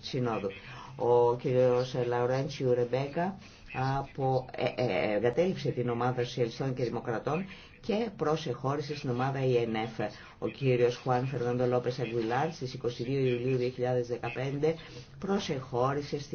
Συνόδου. Ο κύριος Λαουρέντσιου Ρεμπέκα από, ε, ε εγκατέλειψε την ομάδα Σοσιαλιστών και Δημοκρατών και προσεχώρησε στην ομάδα ΙΕΝΕΦ. Ο κύριος Χουάν Φερνάντο Λόπες Αγγουιλάρ στις 22 Ιουλίου 2015 προσεχώρησε στην